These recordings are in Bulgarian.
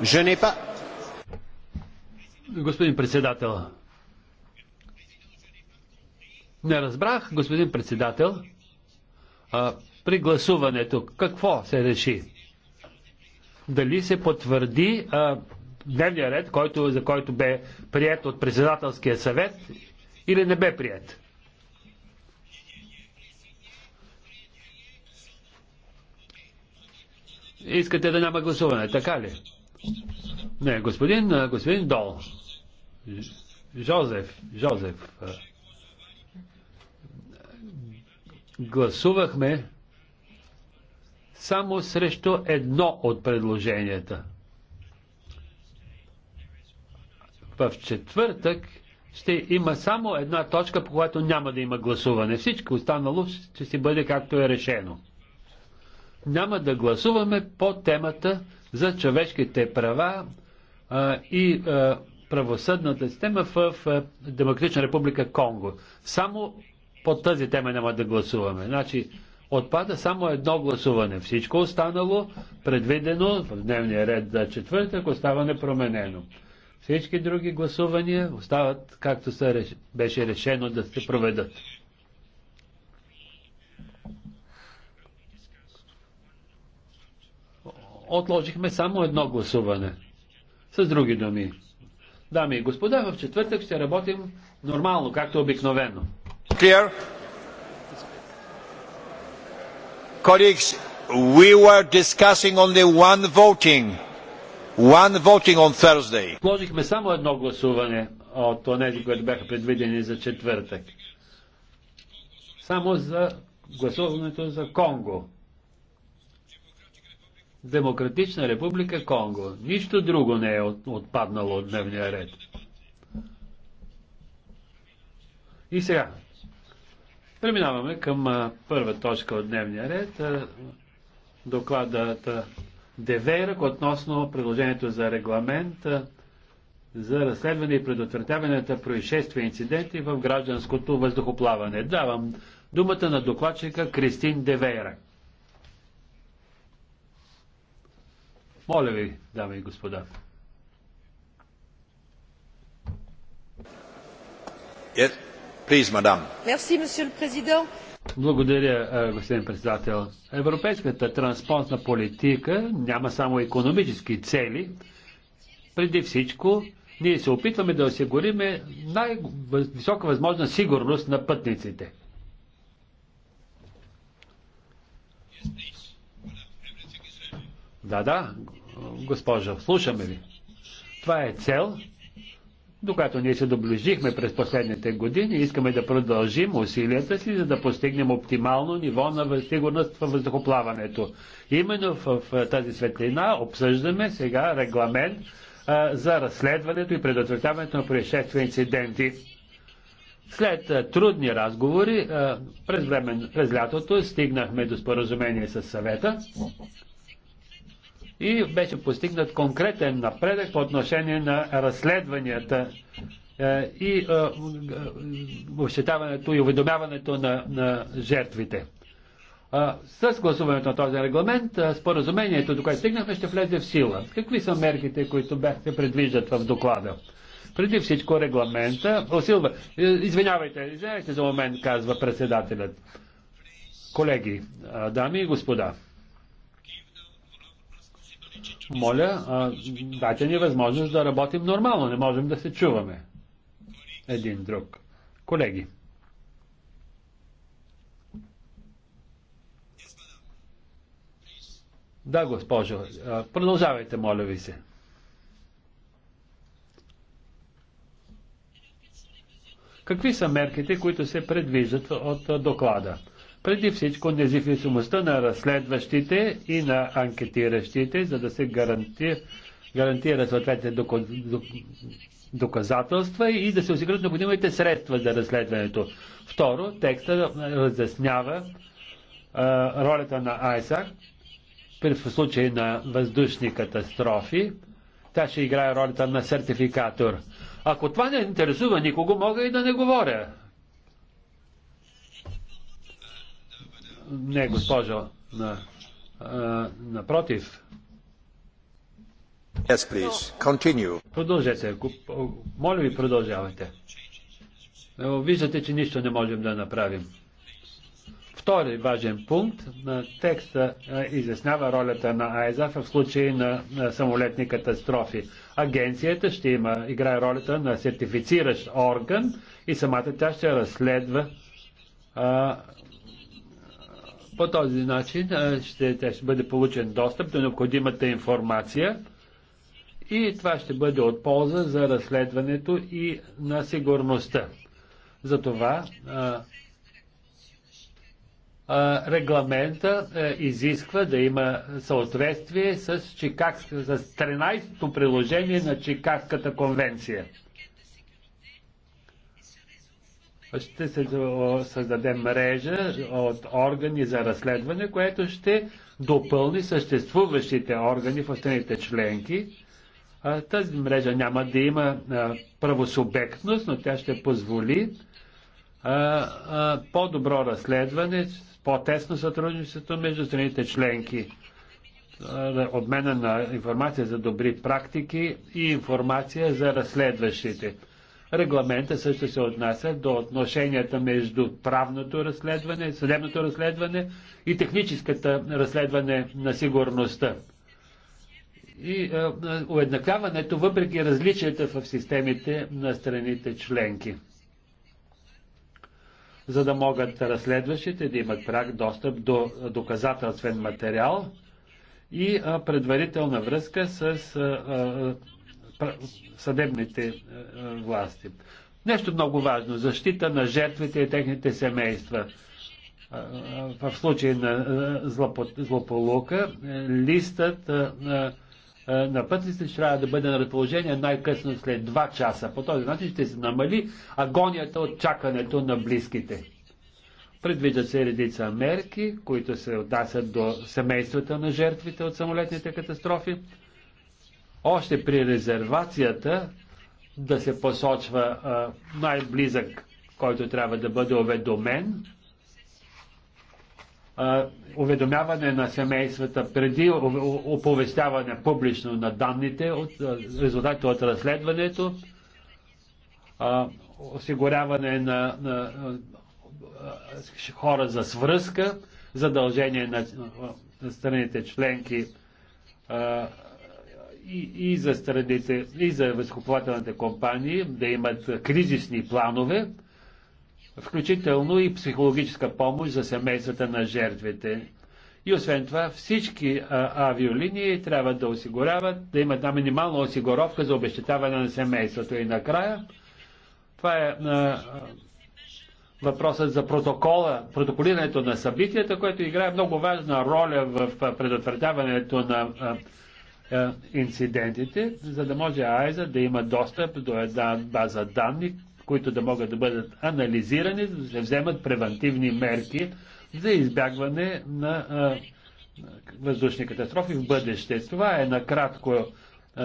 Je n'ai pas... Господин председател, не разбрах, господин председател, а, при гласуването какво се реши? Дали се потвърди а, дневния ред, който, за който бе прият от председателския съвет или не бе прият? Искате да няма гласуване, така ли? Не, господин, господин Дол. Жозеф, Жозеф. Гласувахме само срещу едно от предложенията. В четвъртък ще има само една точка, по която няма да има гласуване. Всичко останало ще си бъде както е решено. Няма да гласуваме по темата за човешките права а, и а, правосъдната система в, в Демократична република Конго. Само по тази тема няма да гласуваме. Значи, отпада само едно гласуване. Всичко останало, предвидено в дневния ред за четвъртък, остава непроменено. Всички други гласувания остават както са, беше решено да се проведат. отложихме само едно гласуване. С други думи. Дами и господа, в четвъртък ще работим нормално, както обикновено. Clear? Colleagues, we were discussing only one voting. One voting on Thursday. Отложихме само едно гласуване от тези, които бяха предвидени за четвъртък. Само за гласуването за Конго. Демократична република Конго. Нищо друго не е отпаднало от дневния ред. И сега. Преминаваме към първа точка от дневния ред. Докладът Деверък относно предложението за регламент за разследване и предотвратяване на происшествия и инциденти в гражданското въздухоплаване. Давам думата на докладчика Кристин Девейрак. Моля ви, дами и господа. Yes. Please, Merci, Благодаря, господин председател. Европейската транспортна политика няма само економически цели. Преди всичко, ние се опитваме да осигурим най-висока възможна сигурност на пътниците. Да, да, госпожо, слушаме ви. Това е цел, до която ние се доближихме през последните години. Искаме да продължим усилията си, за да постигнем оптимално ниво на сигурност във въздухоплаването. Именно в тази светлина обсъждаме сега регламент за разследването и предотвратяването на происшествия инциденти. След трудни разговори през, време, през лятото стигнахме до споразумение с съвета и беше постигнат конкретен напредък по отношение на разследванията е, и е, е, общетаването и уведомяването на, на жертвите. С гласуването на този регламент, споразумението, до което стигнахме, ще влезе в сила. Какви са мерките, които се предвиждат в доклада? Преди всичко регламента. усилва. извинявайте, извинявайте за момент, казва председателят. Колеги, дами и господа, моля, дайте ни възможност да работим нормално. Не можем да се чуваме един друг. Колеги. Да, госпожо. Продължавайте, моля ви се. Какви са мерките, които се предвиждат от доклада? Преди всичко независимостта на разследващите и на анкетиращите, за да се гарантира, гарантира съответните доказателства и да се осигурят необходимите средства за разследването. Второ, текста разяснява а, ролята на Айса при случай на въздушни катастрофи. Тя ще играе ролята на сертификатор. Ако това не интересува никого, мога и да не говоря. Не, госпожо. На, а, напротив. Yes, please. Continue. Продължете. Моля ви, продължавайте. Е, виждате, че нищо не можем да направим. Втори важен пункт на текста е, изяснява ролята на АЕЗА в случай на самолетни катастрофи. Агенцията ще има, играе ролята на сертифициращ орган и самата тя ще разследва а, по този начин ще, ще бъде получен достъп до необходимата информация и това ще бъде от полза за разследването и на сигурността. Затова регламента изисква да има съответствие с, Чикаг, с 13-то приложение на Чикагската конвенция ще се създаде мрежа от органи за разследване, което ще допълни съществуващите органи в страните членки. Тази мрежа няма да има правосубектност, но тя ще позволи по-добро разследване, по-тесно сътрудничество между страните членки, обмена на информация за добри практики и информация за разследващите. Регламента също се отнася до отношенията между правното разследване, съдебното разследване и техническата разследване на сигурността. И е, е, уеднаквяването, въпреки различията в системите на страните членки за да могат разследващите да имат прак достъп до доказателствен материал и е, предварителна връзка с съдебните е, е, власти. Нещо много важно защита на жертвите и техните семейства. Е, в случай на злополука, листът на пътниците ще трябва да бъде на разположение най-късно след 2 часа. По този начин ще се намали агонията от чакането на близките. Предвиждат се редица мерки, които се отнасят до семействата на жертвите от самолетните катастрофи още при резервацията да се посочва най-близък, който трябва да бъде уведомен. Уведомяване на семействата преди оповестяване публично на данните от резултатите от разследването. Осигуряване на, на хора за свръзка, задължение на страните членки и, и за страните, и за възкупвателните компании да имат кризисни планове, включително и психологическа помощ за семействата на жертвите. И освен това, всички а, авиолинии трябва да осигуряват, да имат една минимална осигуровка за обещетаване на семейството. И накрая, това е а, въпросът за протокола, протоколирането на събитията, което играе много важна роля в предотвратяването на а, е, инцидентите, за да може АЕЗа да има достъп до една база данни, които да могат да бъдат анализирани, да се вземат превентивни мерки за избягване на е, въздушни катастрофи в бъдеще. Това е накратко е,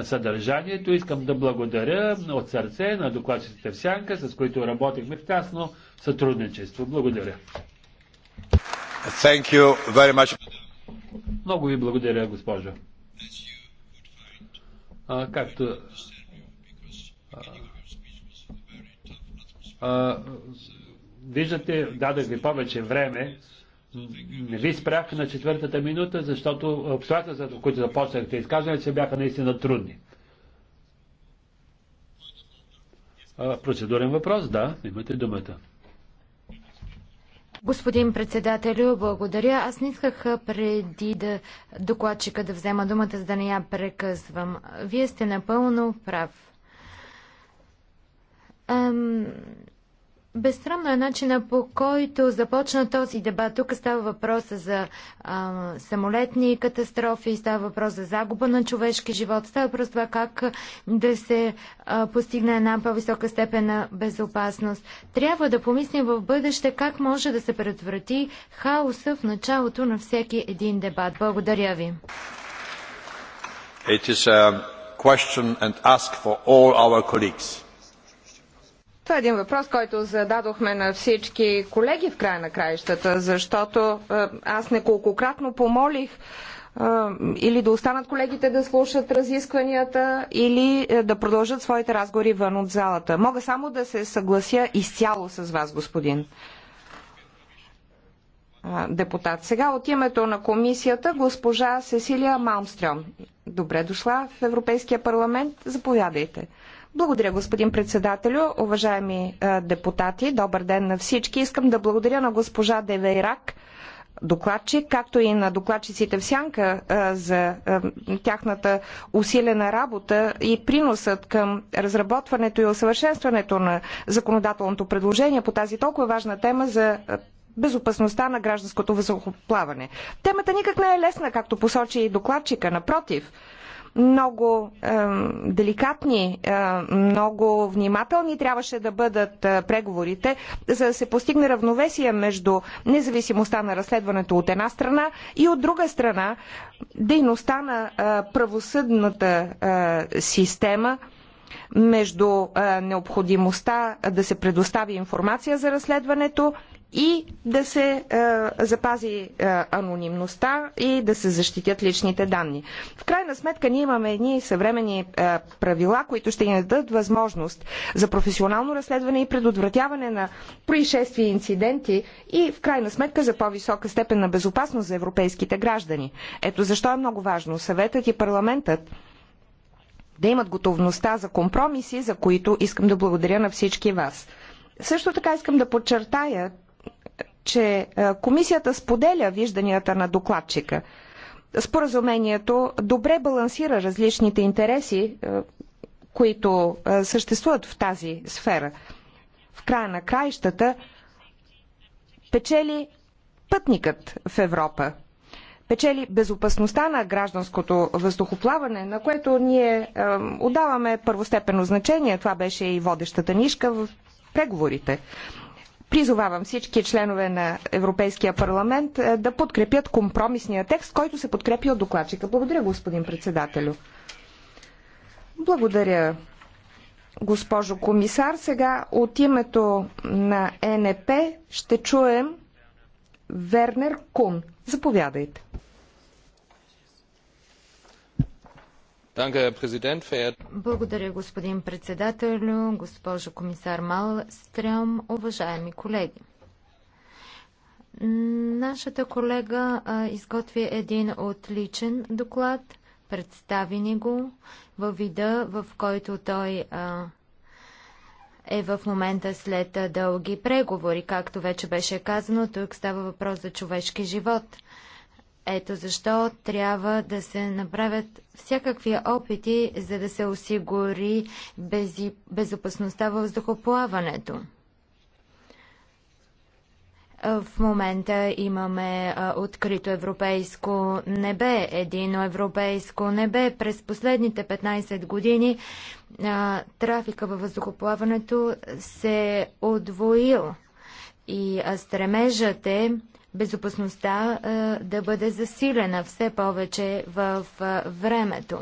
съдържанието. Искам да благодаря от сърце на докладчиците в Сянка, с които работихме в тясно сътрудничество. Благодаря. Thank you very much. Много ви благодаря, госпожо както виждате, дадах ви повече време. Не ви спрях на четвъртата минута, защото обстоятелствата, които започнахте изказване, се бяха наистина трудни. Процедурен въпрос, да, имате думата. Господин председателю, благодаря. Аз не исках преди да докладчика да взема думата, за да не я прекъсвам. Вие сте напълно прав. Ам, Безсрамно е начина по който започна този дебат. Тук става въпрос за а, самолетни катастрофи, става въпрос за загуба на човешки живот, става въпрос това как да се а, постигне една по-висока степен на безопасност. Трябва да помислим в бъдеще как може да се предотврати хаоса в началото на всеки един дебат. Благодаря ви. It is a question and ask for all our colleagues. Това е един въпрос, който зададохме на всички колеги в края на краищата, защото е, аз неколкократно помолих е, или да останат колегите да слушат разискванията, или е, да продължат своите разговори вън от залата. Мога само да се съглася изцяло с вас, господин депутат. Сега от името на комисията госпожа Сесилия Малмстрем. Добре дошла в Европейския парламент. Заповядайте. Благодаря, господин председателю. Уважаеми е, депутати, добър ден на всички. Искам да благодаря на госпожа Девейрак, докладчик, както и на докладчиците в Сянка е, за е, тяхната усилена работа и приносът към разработването и усъвършенстването на законодателното предложение по тази толкова важна тема за безопасността на гражданското въздухоплаване. Темата никак не е лесна, както посочи и докладчика. Напротив, много е, деликатни, е, много внимателни трябваше да бъдат е, преговорите, за да се постигне равновесие между независимостта на разследването от една страна и от друга страна дейността на е, правосъдната е, система между е, необходимостта да се предостави информация за разследването и да се е, запази е, анонимността и да се защитят личните данни. В крайна сметка ние имаме едни съвремени е, правила, които ще ни дадат възможност за професионално разследване и предотвратяване на происшествия и инциденти и в крайна сметка за по-висока степен на безопасност за европейските граждани. Ето защо е много важно съветът и парламентът да имат готовността за компромиси, за които искам да благодаря на всички вас. Също така искам да подчертая, че е, комисията споделя вижданията на докладчика. Споразумението добре балансира различните интереси, е, които е, съществуват в тази сфера. В края на краищата печели пътникът в Европа. Печели безопасността на гражданското въздухоплаване, на което ние е, отдаваме първостепенно значение. Това беше и водещата нишка в преговорите. Призовавам всички членове на Европейския парламент е, да подкрепят компромисния текст, който се подкрепи от докладчика. Благодаря, господин председателю. Благодаря, госпожо комисар. Сега от името на ЕНП ще чуем Вернер Кун. Заповядайте. Благодаря, господин председател, госпожо комисар Малстрем, уважаеми колеги. Нашата колега изготви един отличен доклад, представи ни го във вида, в който той е в момента след дълги преговори. Както вече беше казано, тук става въпрос за човешки живот – ето защо трябва да се направят всякакви опити, за да се осигури бези, безопасността във въздухоплаването. В момента имаме а, открито европейско небе, едино европейско небе. През последните 15 години а, трафика във въздухоплаването се е удвоил и стремежът е безопасността да бъде засилена все повече в времето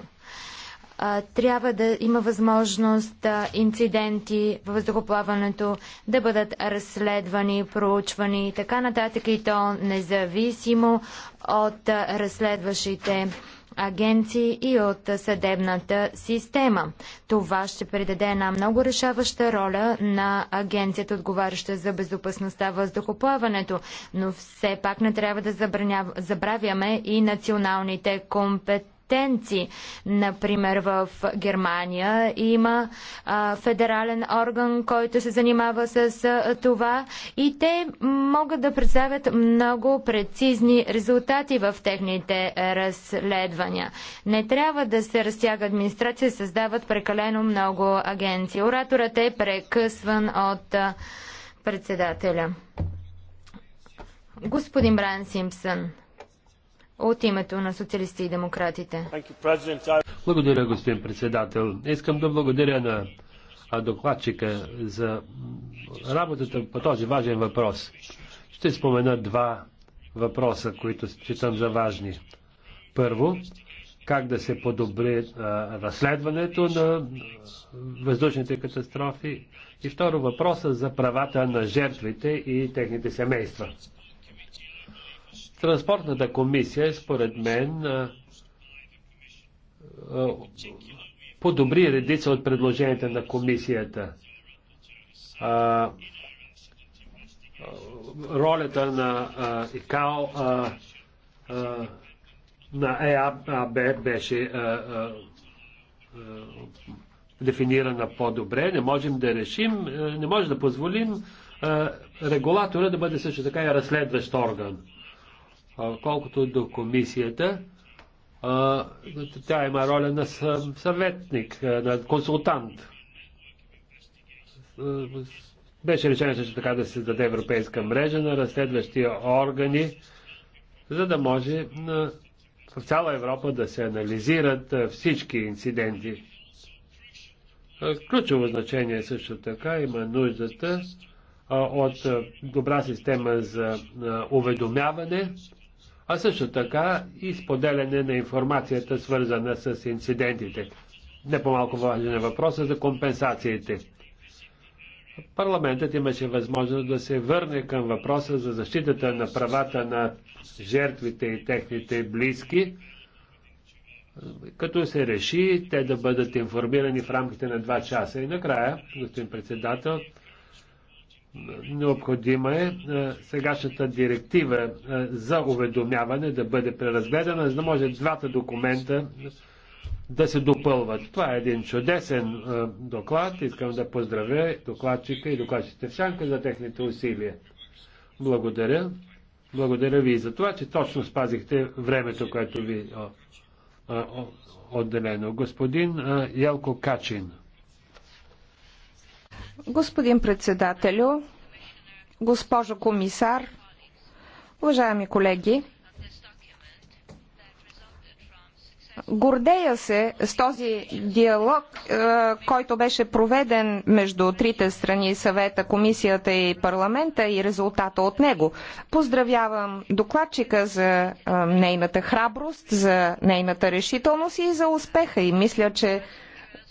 трябва да има възможност инциденти в въздухоплаването да бъдат разследвани, проучвани и така нататък и то независимо от разследващите агенции и от съдебната система. Това ще предаде една много решаваща роля на агенцията, отговаряща за безопасността въздухоплаването, но все пак не трябва да забравяме и националните компетенции компетенции. Например, в Германия има а, федерален орган, който се занимава с а, това и те могат да представят много прецизни резултати в техните разследвания. Не трябва да се разтяга администрация и създават прекалено много агенции. Ораторът е прекъсван от а, председателя. Господин Брайан Симпсън от името на социалисти и демократите. Благодаря, господин председател. Искам да благодаря на докладчика за работата по този важен въпрос. Ще спомена два въпроса, които считам за важни. Първо, как да се подобри разследването на въздушните катастрофи и второ въпроса за правата на жертвите и техните семейства. Транспортната комисия, според мен, подобри редица от предложенията на комисията. Ролята на ИКАО на ЕАБ беше дефинирана по-добре. Не можем да решим, не може да позволим регулатора да бъде също така и разследващ орган. Колкото до комисията, тя има роля на съветник, на консултант. Беше решено също така да се създаде европейска мрежа на разследващи органи, за да може в цяла Европа да се анализират всички инциденти. Ключово значение е също така има нуждата от добра система за уведомяване, а също така и споделяне на информацията, свързана с инцидентите. Не по-малко важен е въпросът за компенсациите. Парламентът имаше възможност да се върне към въпроса за защитата на правата на жертвите и техните близки, като се реши те да бъдат информирани в рамките на два часа. И накрая, господин председател, Необходима е, е сегашната директива е, за уведомяване да бъде преразгледана, за да може двата документа да се допълват. Това е един чудесен е, доклад. Искам да поздравя докладчика и докладчите в Шанка за техните усилия. Благодаря. Благодаря ви за това, че точно спазихте времето, което ви отделено. Господин Елко Качин. Господин председателю, госпожо комисар, уважаеми колеги, гордея се с този диалог, е, който беше проведен между трите страни съвета, комисията и парламента и резултата от него. Поздравявам докладчика за е, нейната храброст, за нейната решителност и за успеха и мисля, че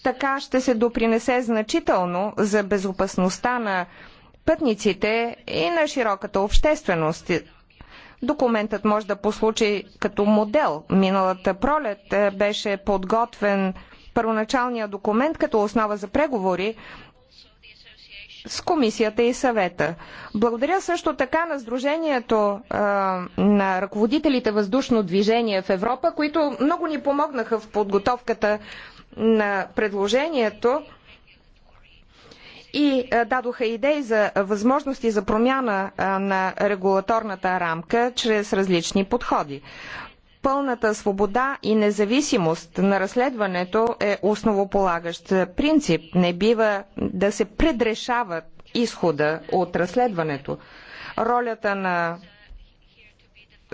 така ще се допринесе значително за безопасността на пътниците и на широката общественост. Документът може да послучи като модел. Миналата пролет е, беше подготвен първоначалния документ като основа за преговори с комисията и съвета. Благодаря също така на Сдружението а, е, на ръководителите въздушно движение в Европа, които много ни помогнаха в подготовката на предложението и дадоха идеи за възможности за промяна на регулаторната рамка чрез различни подходи. Пълната свобода и независимост на разследването е основополагащ принцип. Не бива да се предрешават изхода от разследването. Ролята на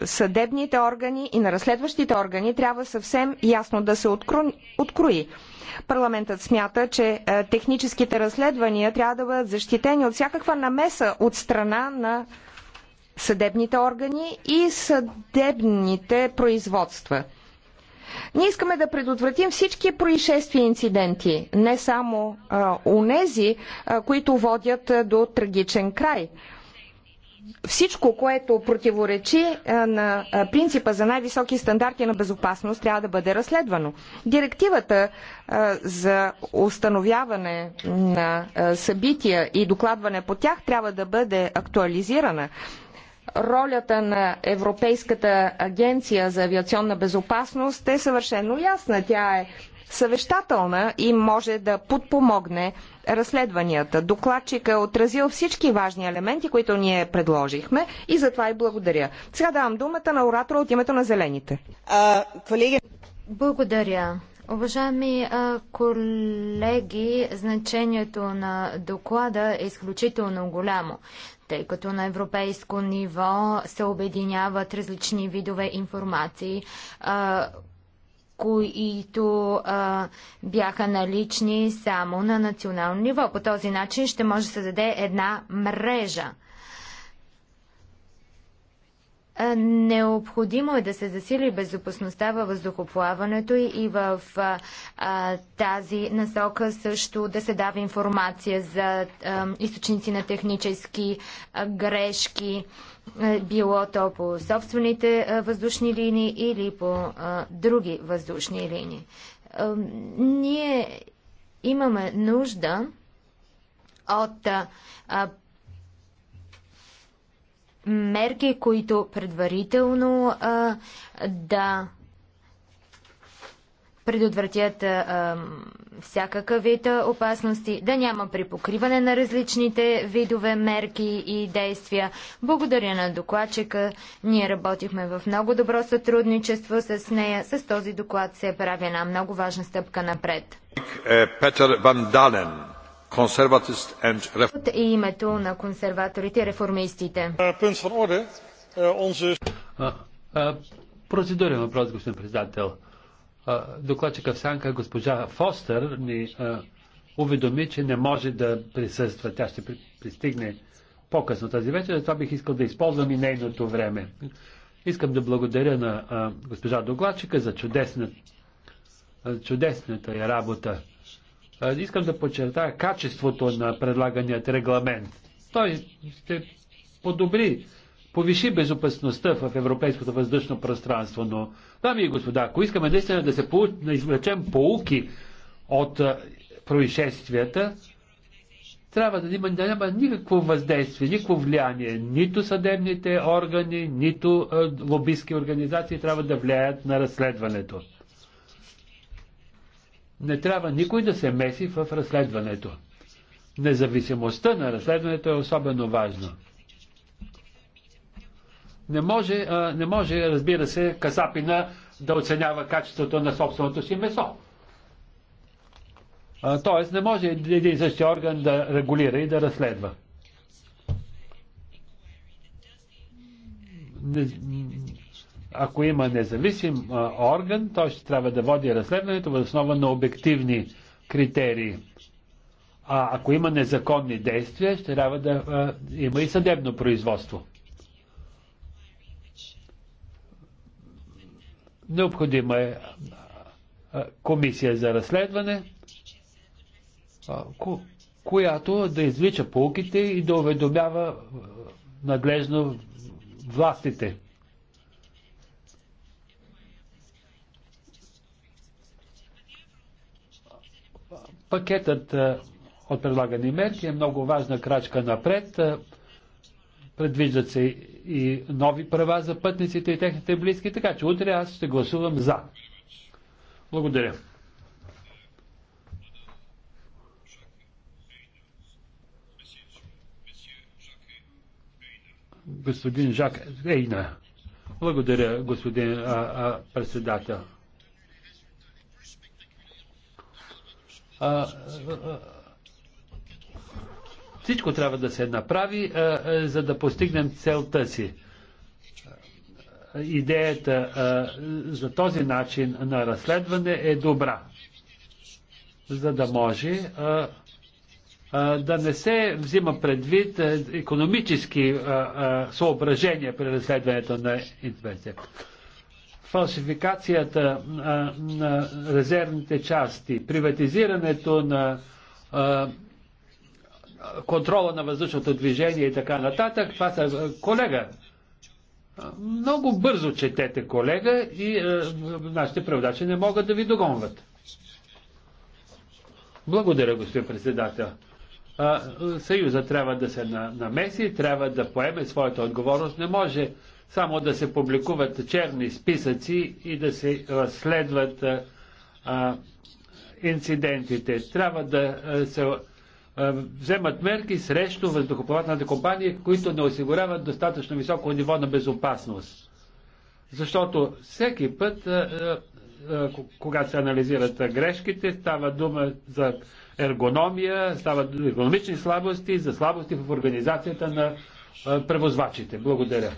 съдебните органи и на разследващите органи трябва съвсем ясно да се открои. Парламентът смята, че е, техническите разследвания трябва да бъдат защитени от всякаква намеса от страна на съдебните органи и съдебните производства. Ние искаме да предотвратим всички происшествия и инциденти, не само а, е, унези, а, е, които водят а, до трагичен край всичко, което противоречи на принципа за най-високи стандарти на безопасност, трябва да бъде разследвано. Директивата за установяване на събития и докладване по тях трябва да бъде актуализирана. Ролята на Европейската агенция за авиационна безопасност е съвършено ясна. Тя е съвещателна и може да подпомогне разследванията. Докладчик е отразил всички важни елементи, които ние предложихме и за това и благодаря. Сега давам думата на оратора от името на Зелените. А, колеги... Благодаря. Уважаеми колеги, значението на доклада е изключително голямо, тъй като на европейско ниво се обединяват различни видове информации, които а, бяха налични само на национално ниво. По този начин ще може да се даде една мрежа. необходимо е да се засили безопасността във въздухоплаването и в а, тази насока също да се дава информация за а, източници на технически а, грешки. А, е, било то по собствените е, въздушни линии или по е, други въздушни линии. Ние имаме нужда от мерки, които предварително да предотвратят а, всякакъв вид опасности, да няма припокриване на различните видове мерки и действия. Благодаря на докладчика. Ние работихме в много добро сътрудничество с нея. С този доклад се прави една много важна стъпка напред. Е, Петър Дален, консерватист and... От името на консерваторите и реформистите. Е, е, процедурен въпрос, господин председател докладчика в Санка, госпожа Фостер ни уведоми, че не може да присъства. Тя ще пристигне по-късно тази вечер, затова бих искал да използвам и нейното време. Искам да благодаря на а, госпожа докладчика за чудесна, а, чудесната я работа. А, искам да подчертая качеството на предлаганият регламент. Той ще подобри, повиши безопасността в европейското въздушно пространство, но Дами и господа, ако искаме наистина да се да извлечем полуки от происшествията, трябва да има, да няма никакво въздействие, никакво влияние. Нито съдебните органи, нито е, организации трябва да влияят на разследването. Не трябва никой да се меси в разследването. Независимостта на разследването е особено важна. Не може, не може, разбира се, Касапина да оценява качеството на собственото си месо. Тоест, не може един същи орган да регулира и да разследва. Не, ако има независим а, орган, той ще трябва да води разследването в основа на обективни критерии. А ако има незаконни действия, ще трябва да а, има и съдебно производство. Необходима е комисия за разследване, която да извлича полките и да уведомява надлежно властите. Пакетът от предлагани мерки е много важна крачка напред. Предвиждат се и нови права за пътниците и техните близки, така че утре аз ще гласувам за. Благодаря. господин Жак Ейна. Благодаря, господин а, а, председател. А, а, всичко трябва да се направи, за да постигнем целта си. Идеята за този начин на разследване е добра, за да може да не се взима предвид економически съображения при разследването на инвенция. Фалшификацията на резервните части, приватизирането на контрола на въздушното движение и така нататък. Това са е, колега. Много бързо четете, колега, и е, нашите преводачи не могат да ви догонват. Благодаря, господин председател. Съюза трябва да се намеси, трябва да поеме своята отговорност. Не може само да се публикуват черни списъци и да се разследват а, инцидентите. Трябва да се вземат мерки срещу въздухоплавателните компании, които не осигуряват достатъчно високо ниво на безопасност. Защото всеки път, когато се анализират грешките, става дума за ергономия, става дума за економични слабости, за слабости в организацията на превозвачите. Благодаря.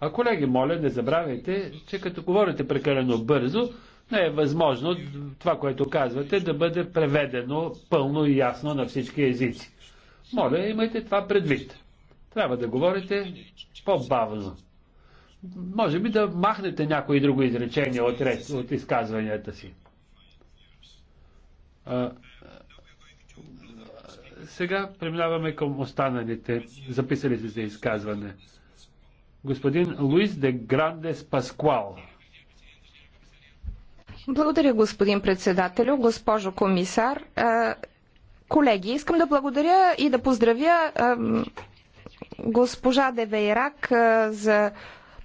А колеги, моля, не забравяйте, че като говорите прекалено бързо, не е възможно това, което казвате, да бъде преведено пълно и ясно на всички езици. Моля, имайте това предвид. Трябва да говорите по-бавно. Може би да махнете някои друго изречение от, ред, от изказванията си. А, сега преминаваме към останалите, записали се за изказване. Господин Луис де Грандес Паскуал. Благодаря, господин председателю, госпожо комисар. Колеги, искам да благодаря и да поздравя госпожа Девейрак за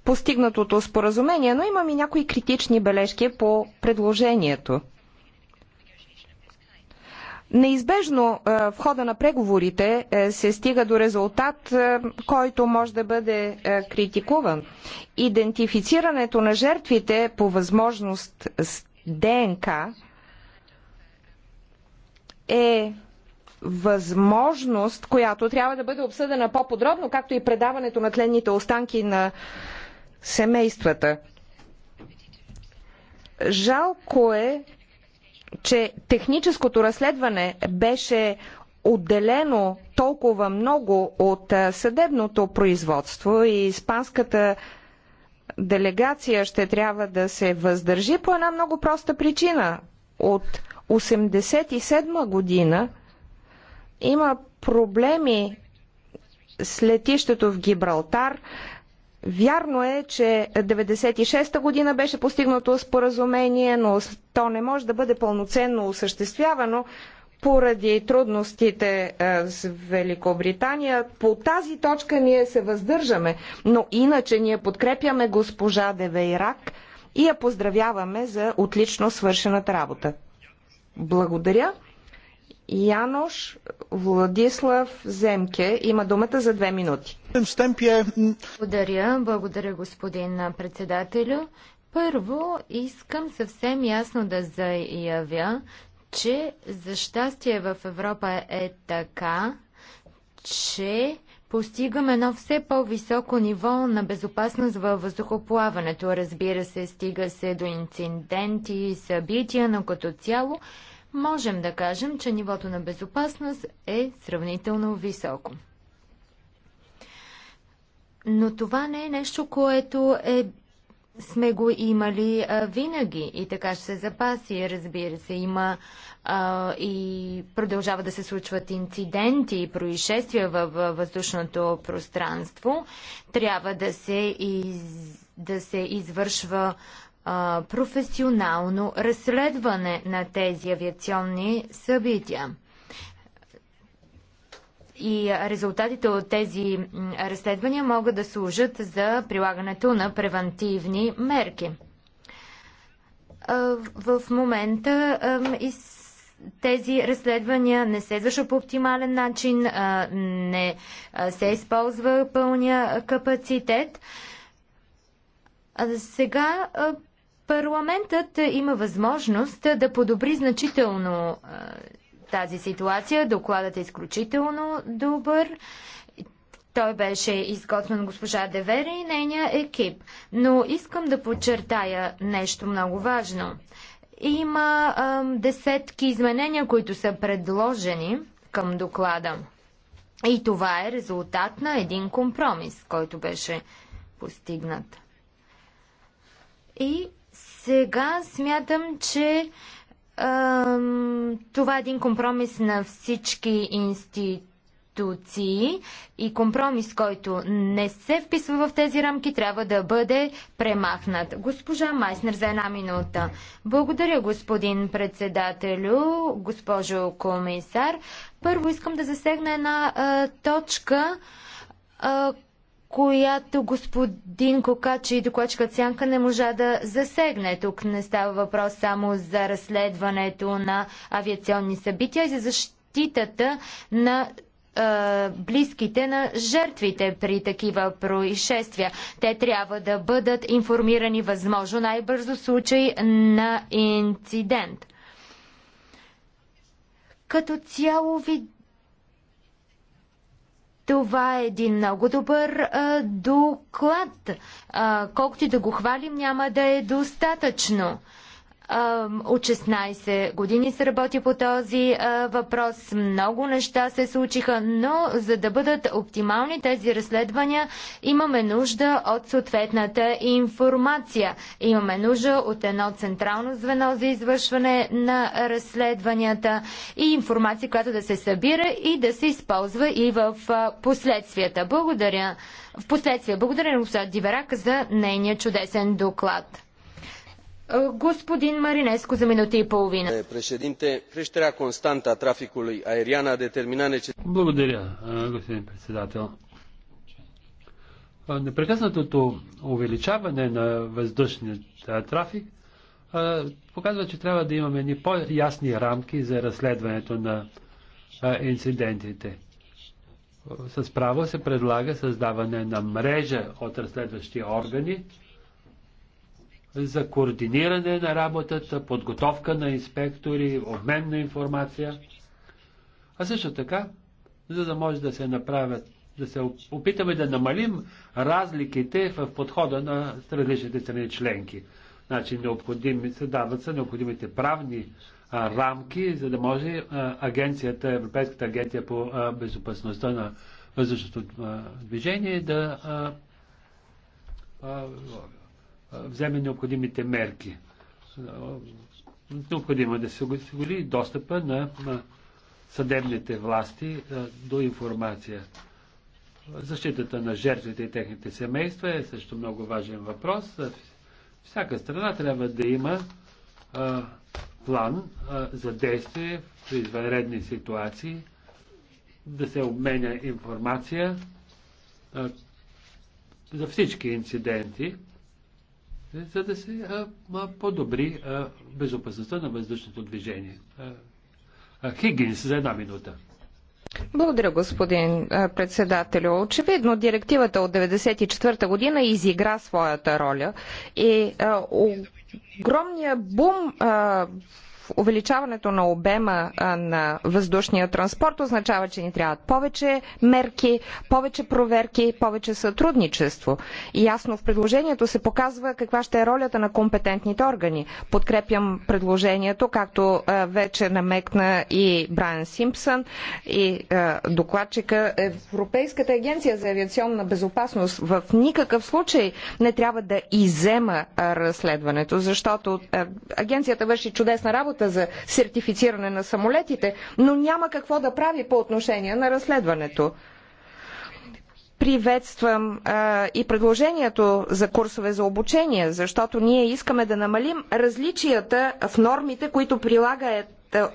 постигнатото споразумение, но имам и някои критични бележки по предложението. Неизбежно е, в хода на преговорите е, се стига до резултат, е, който може да бъде критикуван. Идентифицирането на жертвите по възможност с ДНК е възможност, която трябва да бъде обсъдена по-подробно, както и предаването на тленните останки на семействата. Жалко е, че техническото разследване беше отделено толкова много от съдебното производство и испанската делегация ще трябва да се въздържи по една много проста причина. От 1987 година има проблеми с летището в Гибралтар, Вярно е, че 96-та година беше постигнато споразумение, но то не може да бъде пълноценно осъществявано поради трудностите е, с Великобритания. По тази точка ние се въздържаме, но иначе ние подкрепяме госпожа Девейрак и я поздравяваме за отлично свършената работа. Благодаря. Янош Владислав Земке има думата за две минути. Благодаря, благодаря господин председателю. Първо искам съвсем ясно да заявя, че за щастие в Европа е така, че постигаме едно все по-високо ниво на безопасност във въздухоплаването. Разбира се, стига се до инциденти и събития, но като цяло можем да кажем, че нивото на безопасност е сравнително високо. Но това не е нещо, което е сме го имали а, винаги и така ще се запаси. Разбира се, има а, и продължава да се случват инциденти и происшествия във въздушното пространство. Трябва да се, из, да се извършва а, професионално разследване на тези авиационни събития. И резултатите от тези разследвания могат да служат за прилагането на превентивни мерки. В момента тези разследвания не се извършва по оптимален начин, не се използва пълния капацитет. Сега Парламентът има възможност да подобри значително тази ситуация. Докладът е изключително добър. Той беше изготвен госпожа Девери и нейния екип. Но искам да подчертая нещо много важно. Има ам, десетки изменения, които са предложени към доклада. И това е резултат на един компромис, който беше постигнат. И сега смятам, че това е един компромис на всички институции и компромис, който не се вписва в тези рамки, трябва да бъде премахнат. Госпожа Майснер за една минута. Благодаря, господин председателю, госпожо комисар. Първо искам да засегна една а, точка, а, която господин Кокачи и докладчика Цянка не можа да засегне. Тук не става въпрос само за разследването на авиационни събития, и за защитата на близките на жертвите при такива происшествия. Те трябва да бъдат информирани възможно най-бързо случай на инцидент. Като цяло ви това е един много добър а, доклад. А, колкото и да го хвалим, няма да е достатъчно. От 16 години се работи по този въпрос. Много неща се случиха, но за да бъдат оптимални тези разследвания, имаме нужда от съответната информация. Имаме нужда от едно централно звено за извършване на разследванията и информация, която да се събира и да се използва и в последствията. Благодаря. В последствие благодаря на госпожа Диверак за нейния чудесен доклад. Е, господин Marinescu, за минута и половина. Е, președinte, creșterea constantă a traficului aerian a determinat necesitatea... Благодаря, е, господин председател. Непрекъснатото увеличаване на въздушния трафик показва, че трябва да имаме ни по-ясни рамки за разследването на инцидентите. С право се предлага създаване на мрежа от разследващи органи, за координиране на работата, подготовка на инспектори, обмен на информация, а също така, за да може да се направят, да се опитаме да намалим разликите в подхода на различните страни членки. Значи, необходими, се дават са необходимите правни а, рамки, за да може а, агенцията, Европейската агенция по а, безопасността на въздушното движение да а, а, вземе необходимите мерки. Необходимо е да се осигури достъпа на, съдебните власти до информация. Защитата на жертвите и техните семейства е също много важен въпрос. Всяка страна трябва да има план за действие в извънредни ситуации, да се обменя информация за всички инциденти за да се а, подобри а, безопасността на въздушното движение. Хигинс за една минута. Благодаря, господин председател. Очевидно, директивата от 1994 година изигра своята роля и а, огромния бум а, увеличаването на обема на въздушния транспорт означава, че ни трябват повече мерки, повече проверки, повече сътрудничество. И ясно в предложението се показва каква ще е ролята на компетентните органи. Подкрепям предложението, както вече намекна и Брайан Симпсън и докладчика Европейската агенция за авиационна безопасност в никакъв случай не трябва да изема разследването, защото агенцията върши чудесна работа работа за сертифициране на самолетите, но няма какво да прави по отношение на разследването. Приветствам а, и предложението за курсове за обучение, защото ние искаме да намалим различията в нормите, които прилагат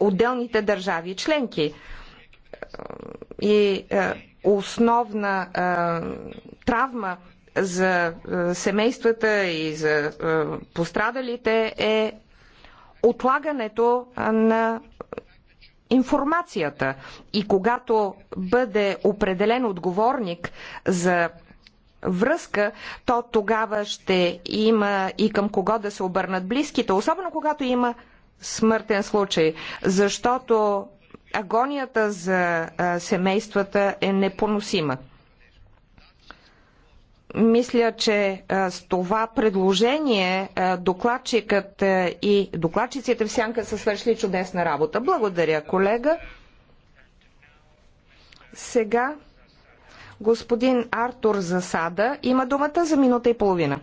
отделните държави членки. И а, основна а, травма за семействата и за пострадалите е отлагането на информацията и когато бъде определен отговорник за връзка, то тогава ще има и към кого да се обърнат близките, особено когато има смъртен случай, защото агонията за семействата е непоносима. Мисля, че с това предложение докладчикът и докладчиците в сянка са свършили чудесна работа. Благодаря, колега. Сега Господин Артур Засада има думата за минута и половина.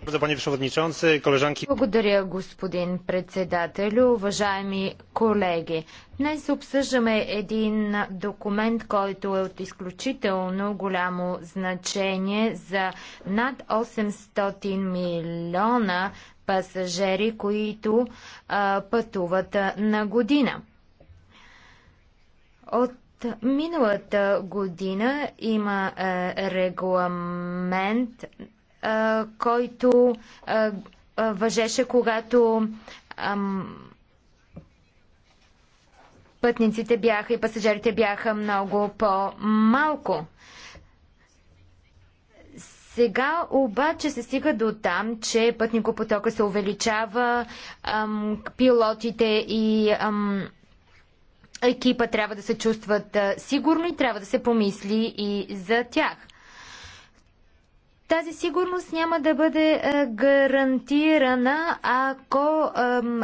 Благодаря, господин председател, уважаеми колеги. Днес обсъждаме един документ, който е от изключително голямо значение за над 800 милиона пасажери, които а, пътуват на година. От Миналата година има е, регламент, е, който е, въжеше, когато пътниците бяха и пасажирите бяха много по-малко. Сега обаче се стига до там, че пътникопотока се увеличава, пилотите и екипа трябва да се чувстват сигурно и трябва да се помисли и за тях. Тази сигурност няма да бъде гарантирана, ако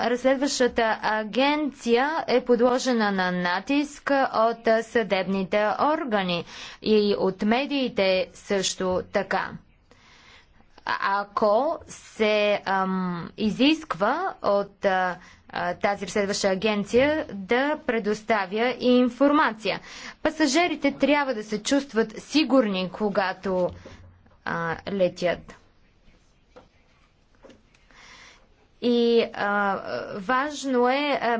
разследващата агенция е подложена на натиск от съдебните органи и от медиите също така. Ако се ам, изисква от а, тази разследваща агенция да предоставя и информация. Пасажирите трябва да се чувстват сигурни, когато а, летят. И а, важно е а,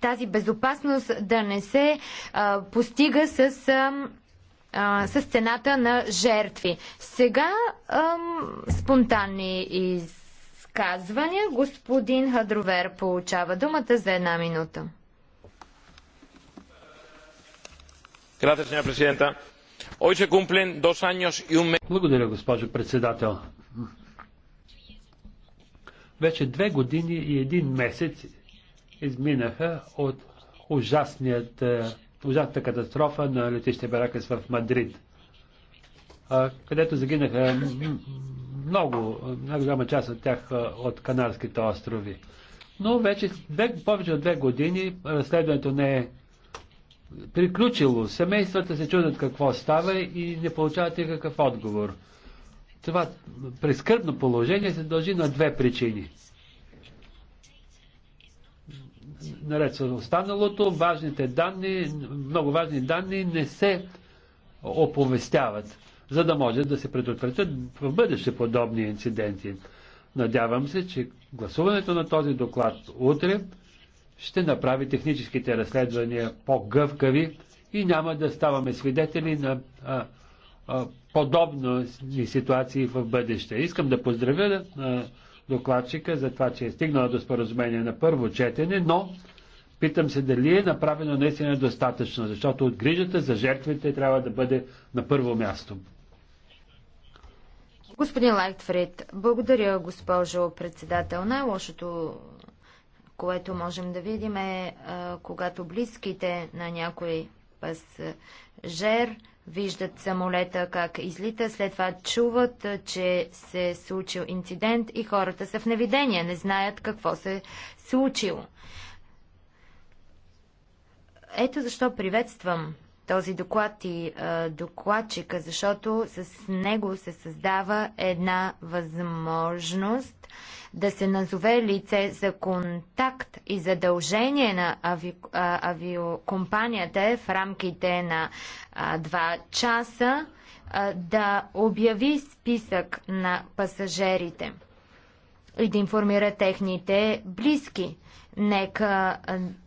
тази безопасност да не се а, постига с. А, с цената на жертви. Сега ам, спонтанни из, изказвания. Господин Хадровер получава думата за една минута. Благодаря, госпожо председател. Вече две години и един месец изминаха от ужасният, е, ужасната катастрофа на летище Баракас в Мадрид, където загинаха много, много голяма част от тях от Канарските острови. Но вече две, повече от две години разследването не е приключило. Семействата се чудят какво става и не получават никакъв отговор. Това прескърбно положение се дължи на две причини. Наред с останалото, важните данни, много важни данни не се оповестяват за да може да се предотвратят в бъдеще подобни инциденти. Надявам се, че гласуването на този доклад утре ще направи техническите разследвания по-гъвкави и няма да ставаме свидетели на а, а, подобни ситуации в бъдеще. Искам да поздравя а, докладчика за това, че е стигнала до споразумение на първо четене, но питам се дали е направено наистина достатъчно, защото от грижата за жертвите трябва да бъде на първо място. Господин Лайтфрид, благодаря, госпожо председател. Най-лошото, което можем да видим е, когато близките на някой пасажер виждат самолета как излита, след това чуват, че се е случил инцидент и хората са в невидение, не знаят какво се е случило. Ето защо приветствам този доклад и а, докладчика, защото с него се създава една възможност да се назове лице за контакт и задължение на ави, а, авиокомпанията в рамките на а, два часа а, да обяви списък на пасажерите и да информира техните близки. Нека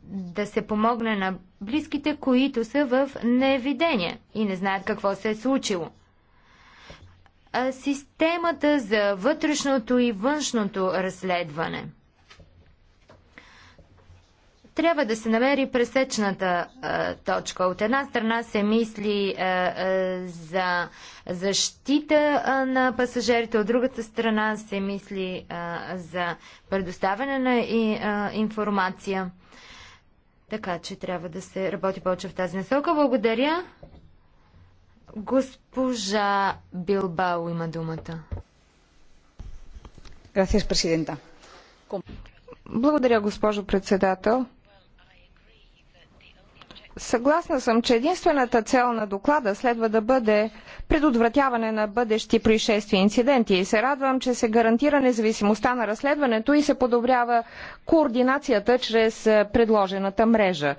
да се помогне на близките, които са в невидение и не знаят какво се е случило. Системата за вътрешното и външното разследване – трябва да се намери пресечната а, точка. От една страна се мисли а, а, за защита а, на пасажирите, от другата страна се мисли а, за предоставяне на и, а, информация. Така че трябва да се работи повече в тази насока. Благодаря. Госпожа Билбао има думата. Благодаря, госпожо председател. Съгласна съм, че единствената цел на доклада следва да бъде предотвратяване на бъдещи происшествия и инциденти. И се радвам, че се гарантира независимостта на разследването и се подобрява координацията чрез е, предложената мрежа.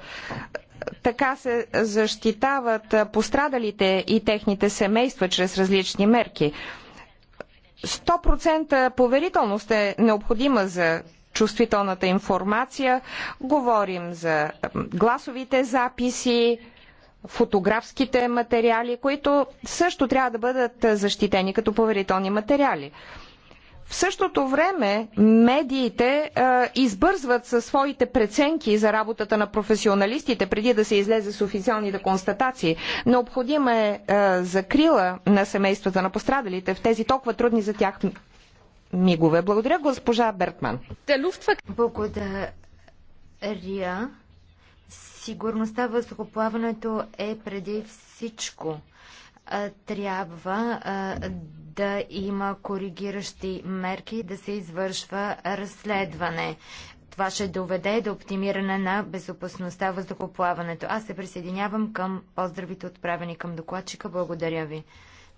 Така се защитават е, пострадалите и техните семейства чрез различни мерки. 100% поверителност е необходима за чувствителната информация, говорим за гласовите записи, фотографските материали, които също трябва да бъдат защитени като поверителни материали. В същото време медиите а, избързват със своите преценки за работата на професионалистите, преди да се излезе с официалните констатации. Необходима е а, закрила на семействата на пострадалите в тези толкова трудни за тях мигове. Благодаря, госпожа Бертман. Благодаря. Сигурността въздухоплаването е преди всичко. Трябва да има коригиращи мерки, да се извършва разследване. Това ще доведе до оптимиране на безопасността въздухоплаването. Аз се присъединявам към поздравите отправени към докладчика. Благодаря ви.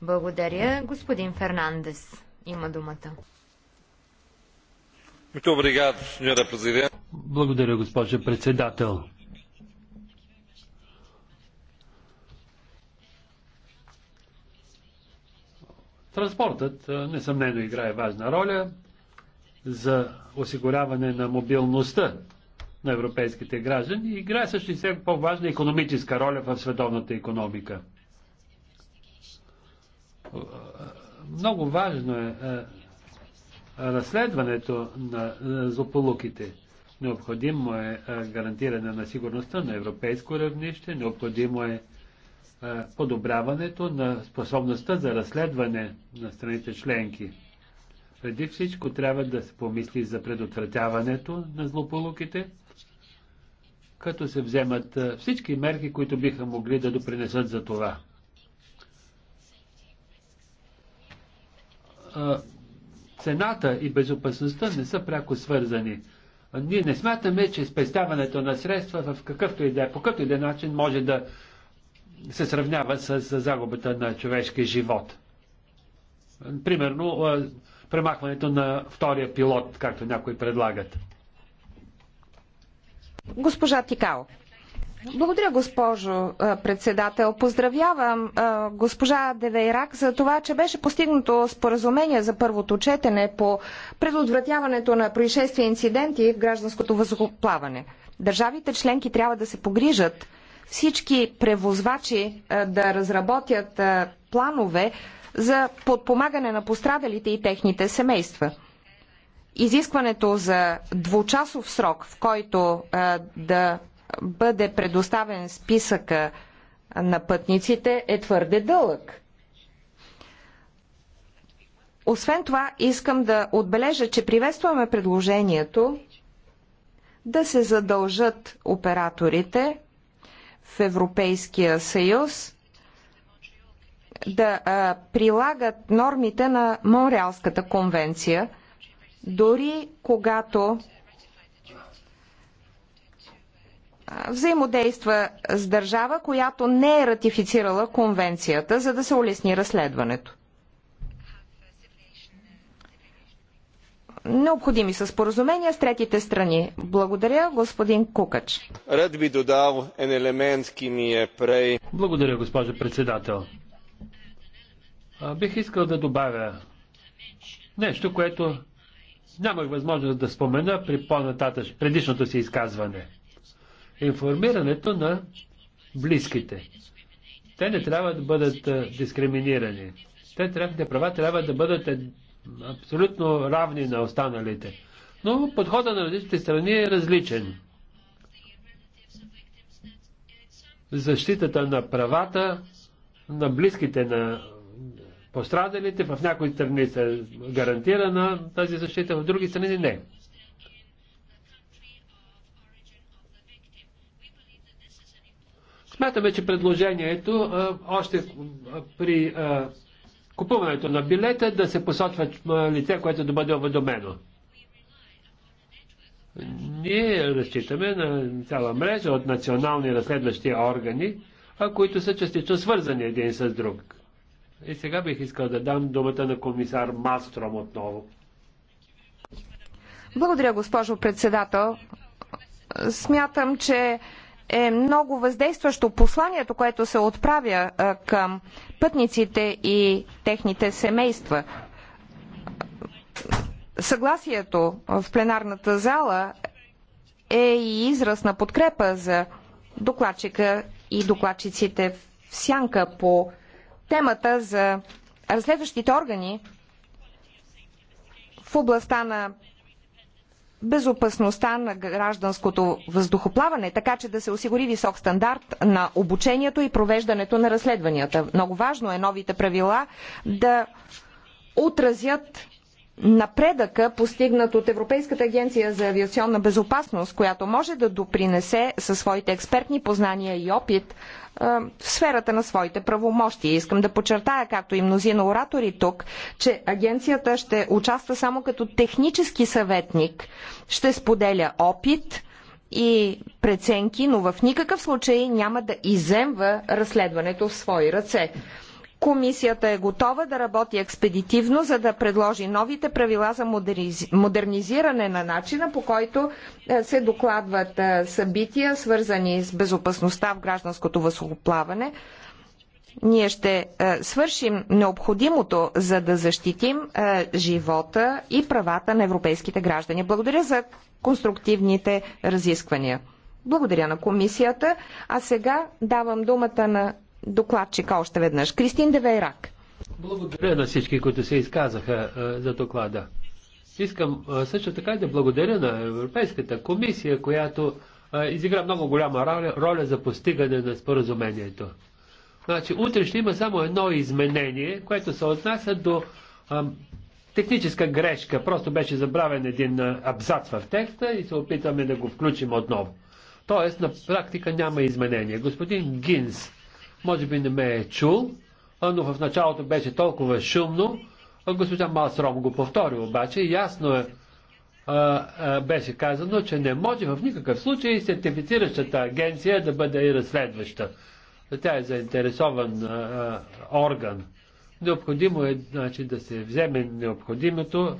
Благодаря. Господин Фернандес има думата. Благодаря, госпожо председател. Транспортът несъмнено играе важна роля за осигуряване на мобилността на европейските граждани и играе също и все по-важна економическа роля в световната економика. Много важно е разследването на злополуките. Необходимо е гарантиране на сигурността на европейско равнище, необходимо е подобряването на способността за разследване на страните членки. Преди всичко трябва да се помисли за предотвратяването на злополуките, като се вземат всички мерки, които биха могли да допринесат за това цената и безопасността не са пряко свързани. Ние не смятаме, че спестяването на средства в какъвто и да е, по какъвто и да е начин може да се сравнява с загубата на човешки живот. Примерно, премахването на втория пилот, както някои предлагат. Госпожа Тикао. Благодаря, госпожо председател. Поздравявам госпожа Девейрак за това, че беше постигнато споразумение за първото четене по предотвратяването на происшествия и инциденти в гражданското въздухоплаване. Държавите членки трябва да се погрижат всички превозвачи да разработят планове за подпомагане на пострадалите и техните семейства. Изискването за двучасов срок, в който да бъде предоставен списъка на пътниците е твърде дълъг. Освен това, искам да отбележа, че приветстваме предложението да се задължат операторите в Европейския съюз да а, прилагат нормите на Монреалската конвенция, дори когато взаимодейства с държава, която не е ратифицирала конвенцията, за да се улесни разследването. Необходими са споразумения с третите страни. Благодаря, господин Кукач. Ред би додал ен елемент, ки ми е прей. Благодаря, госпожо председател. Бих искал да добавя нещо, което нямах възможност да спомена при по-нататъч предишното си изказване информирането на близките. Те не трябва да бъдат дискриминирани. Те техните права трябва да бъдат е, абсолютно равни на останалите. Но подхода на различните страни е различен. Защитата на правата на близките на пострадалите в някои страни са гарантирана тази защита, в други страни не. Смятаме, че предложението още при купуването на билета да се посочва лице, което да бъде уведомено. Ние разчитаме на цяла мрежа от национални разследващи органи, а които са частично свързани един с друг. И сега бих искал да дам думата на комисар Мастром отново. Благодаря, госпожо председател. Смятам, че е много въздействащо посланието, което се отправя към пътниците и техните семейства. Съгласието в пленарната зала е и израз на подкрепа за докладчика и докладчиците в сянка по темата за разследващите органи в областта на безопасността на гражданското въздухоплаване, така че да се осигури висок стандарт на обучението и провеждането на разследванията. Много важно е новите правила да отразят напредъка, постигнат от Европейската агенция за авиационна безопасност, която може да допринесе със своите експертни познания и опит в сферата на своите правомощия. Искам да подчертая, както и мнозина оратори тук, че агенцията ще участва само като технически съветник, ще споделя опит и преценки, но в никакъв случай няма да иземва разследването в свои ръце. Комисията е готова да работи експедитивно, за да предложи новите правила за модернизиране на начина, по който е, се докладват е, събития, свързани с безопасността в гражданското възхоплаване. Ние ще е, свършим необходимото, за да защитим живота и правата на европейските граждани. Благодаря за конструктивните разисквания. Благодаря на комисията. А сега давам думата на докладчика още веднъж. Кристин Девейрак. Благодаря на всички, които се изказаха за доклада. Искам също така да благодаря на Европейската комисия, която изигра много голяма роля, роля за постигане на споразумението. Значи, утре ще има само едно изменение, което се отнася до а, техническа грешка. Просто беше забравен един абзац в текста и се опитаме да го включим отново. Тоест, на практика няма изменение. Господин Гинс може би не ме е чул, но в началото беше толкова шумно. Госпожа Малстром го повтори обаче. Ясно е, беше казано, че не може в никакъв случай сертифициращата агенция да бъде и разследваща. Тя е заинтересован орган. Необходимо е значи, да се вземе необходимото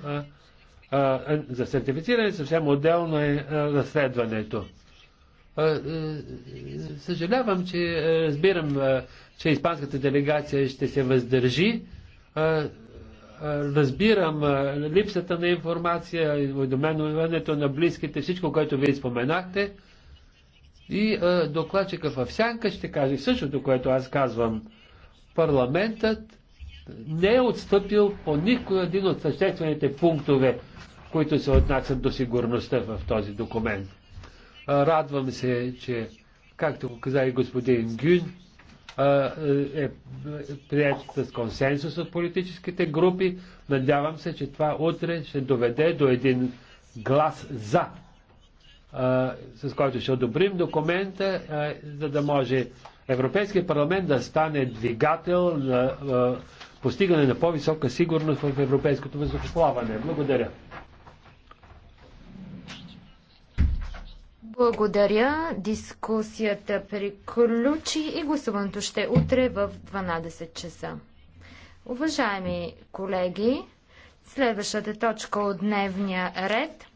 за сертифициране, съвсем отделно е разследването. Е, съжалявам, че е, разбирам, е, че испанската делегация ще се въздържи. Разбирам липсата на информация, уведомяването на близките, всичко, което вие споменахте. И докладчика в сянка ще каже същото, което аз казвам. Парламентът не е отстъпил по никой един от съществените пунктове, които се отнасят до сигурността в този документ. Радвам се, че, както го каза и господин Гюн, е, е прият с консенсус от политическите групи. Надявам се, че това утре ще доведе до един глас за, с който ще одобрим документа, за да може Европейския парламент да стане двигател на постигане на по-висока сигурност в европейското въздухоплаване. Благодаря. Благодаря. Дискусията приключи и гласуването ще утре в 12 часа. Уважаеми колеги, следващата точка от дневния ред –